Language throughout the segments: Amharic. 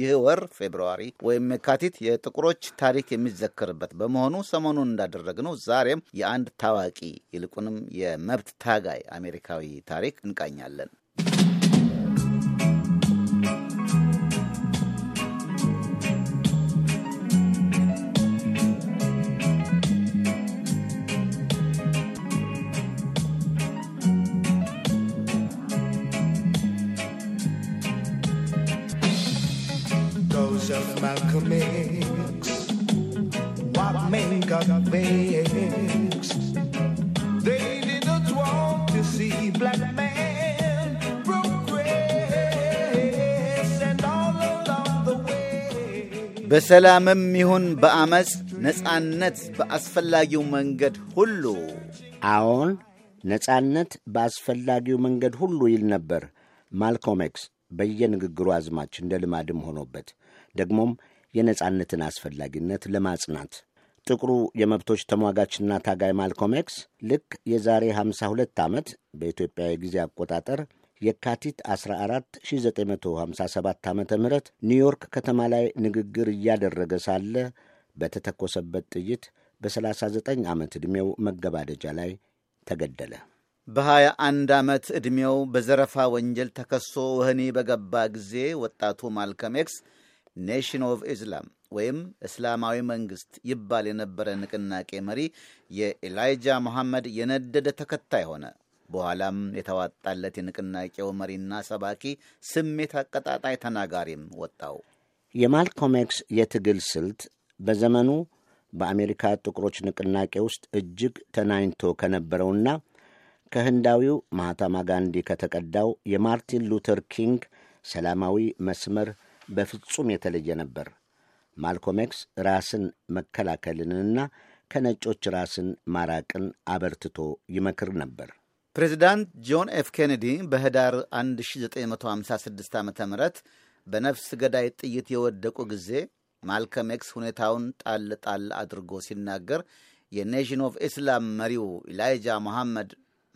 ይህ ወር ፌብርዋሪ ወይም የካቲት የጥቁሮች ታሪክ የሚዘከርበት በመሆኑ ሰሞኑን እንዳደረግነው ዛሬም የአንድ ታዋቂ ይልቁንም የመብት ታጋይ አሜሪካዊ ታሪክ እንቃኛለን። of Malcolm X, what men got vexed. They want to see black men በሰላምም ይሁን በአመፅ ነፃነት በአስፈላጊው መንገድ ሁሉ። አዎን ነፃነት በአስፈላጊው መንገድ ሁሉ ይል ነበር ማልኮም ኤክስ በየንግግሩ አዝማች እንደ ልማድም ሆኖበት ደግሞም የነጻነትን አስፈላጊነት ለማጽናት ጥቁሩ የመብቶች ተሟጋችና ታጋይ ማልኮም ኤክስ ልክ የዛሬ 52 ዓመት በኢትዮጵያ የጊዜ አቆጣጠር የካቲት 14 1957 ዓ ም ኒውዮርክ ከተማ ላይ ንግግር እያደረገ ሳለ በተተኮሰበት ጥይት በ39 ዓመት ዕድሜው መገባደጃ ላይ ተገደለ። በ21 ዓመት ዕድሜው በዘረፋ ወንጀል ተከሶ ወህኒ በገባ ጊዜ ወጣቱ ማልኮም ኤክስ ኔሽን ኦፍ ኢስላም ወይም እስላማዊ መንግስት ይባል የነበረ ንቅናቄ መሪ የኤላይጃ መሐመድ የነደደ ተከታይ ሆነ። በኋላም የተዋጣለት የንቅናቄው መሪና ሰባኪ ስሜት አቀጣጣይ ተናጋሪም ወጣው። የማልኮሜክስ የትግል ስልት በዘመኑ በአሜሪካ ጥቁሮች ንቅናቄ ውስጥ እጅግ ተናኝቶ ከነበረውና ከህንዳዊው ማህታማ ጋንዲ ከተቀዳው የማርቲን ሉተር ኪንግ ሰላማዊ መስመር በፍጹም የተለየ ነበር። ማልኮም ኤክስ ራስን መከላከልንና ከነጮች ራስን ማራቅን አበርትቶ ይመክር ነበር። ፕሬዚዳንት ጆን ኤፍ ኬኔዲ በህዳር 1956 ዓ ም በነፍስ ገዳይ ጥይት የወደቁ ጊዜ ማልከም ኤክስ ሁኔታውን ጣል ጣል አድርጎ ሲናገር የኔሽን ኦፍ ኢስላም መሪው ኢላይጃ መሐመድ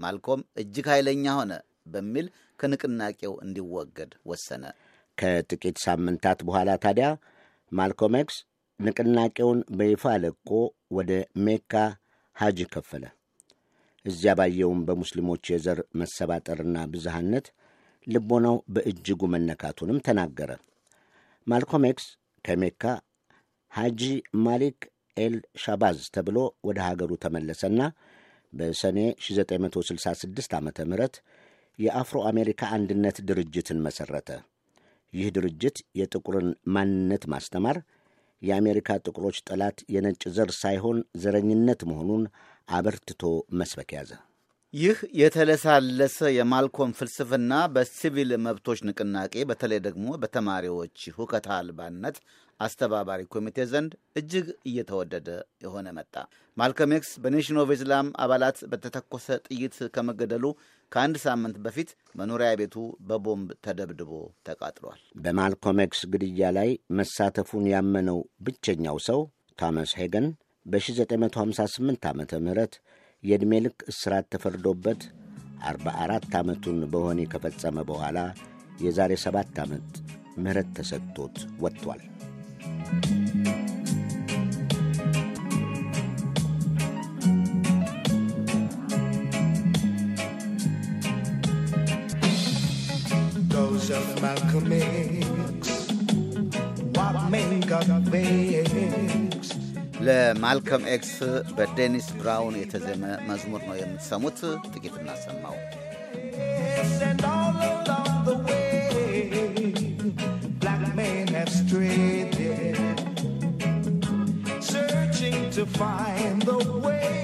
ማልኮም እጅግ ኃይለኛ ሆነ በሚል ከንቅናቄው እንዲወገድ ወሰነ። ከጥቂት ሳምንታት በኋላ ታዲያ ማልኮም ኤክስ ንቅናቄውን በይፋ ለቆ ወደ ሜካ ሐጅ ከፈለ። እዚያ ባየውም በሙስሊሞች የዘር መሰባጠርና ብዝሃነት ልቦናው በእጅጉ መነካቱንም ተናገረ። ማልኮም ኤክስ ከሜካ ሐጂ ማሊክ ኤል ሻባዝ ተብሎ ወደ ሀገሩ ተመለሰና በሰኔ 1966 ዓ ም የአፍሮ አሜሪካ አንድነት ድርጅትን መሠረተ። ይህ ድርጅት የጥቁርን ማንነት ማስተማር የአሜሪካ ጥቁሮች ጠላት የነጭ ዘር ሳይሆን ዘረኝነት መሆኑን አበርትቶ መስበክ ያዘ። ይህ የተለሳለሰ የማልኮም ፍልስፍና በሲቪል መብቶች ንቅናቄ በተለይ ደግሞ በተማሪዎች ሁከት አልባነት አስተባባሪ ኮሚቴ ዘንድ እጅግ እየተወደደ የሆነ መጣ። ማልኮም ኤክስ በኔሽን ኦፍ ኢስላም አባላት በተተኮሰ ጥይት ከመገደሉ ከአንድ ሳምንት በፊት መኖሪያ ቤቱ በቦምብ ተደብድቦ ተቃጥሏል። በማልኮም ኤክስ ግድያ ላይ መሳተፉን ያመነው ብቸኛው ሰው ቶማስ ሄገን በ1958 ዓ ም የዕድሜ ልክ እስራት ተፈርዶበት 44 ዓመቱን በወህኒ ከፈጸመ በኋላ የዛሬ ሰባት ዓመት ምሕረት ተሰጥቶት ወጥቷል። Those of Malcolm X, what men got away ለማልከም ኤክስ በዴኒስ ብራውን የተዜመ መዝሙር ነው የምትሰሙት። ጥቂት እናሰማው። Searching to find the way